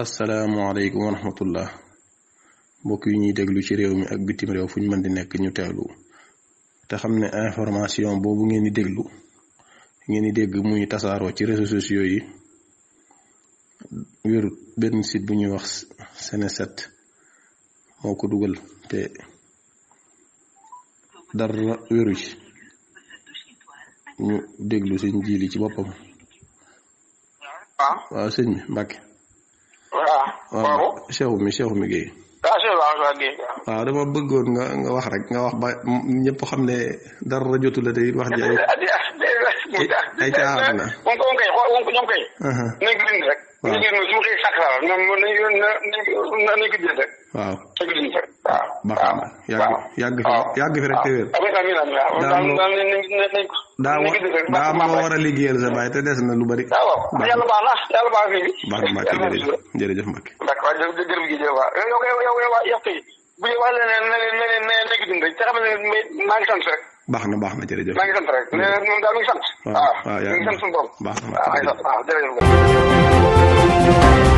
asalaamualeykum wa rahmatullah mbokk yi ñuy déglu ci réew mi ak bitim réew fu ñu mën di nekk ñu teewlu te xam ne information boobu ngeen di déglu ngeen di dégg muy tasaaroo ci réseaux sociaux yi wérut benn site bu ñuy wax set moo ko dugal te dara wéru ci ñu déglu seen jiili ci boppam waaw sëñ bi Mbàkke waaw Cheikh mi Cheikh mi Guèye. waaw dama bëggoon nga nga wax rek nga wax ba ñëpp xam ne dara jotu la wax ji waaw baax na yàgg yàgg fi rek téwéer. amiin daa ma a liggéeyal sa baay te lu bari. waaw yàlla baax na yàlla baax na fi. baax na Mbacke ne ne baax na baax na jërëjëf. maa ngi sant baax na waaw waaw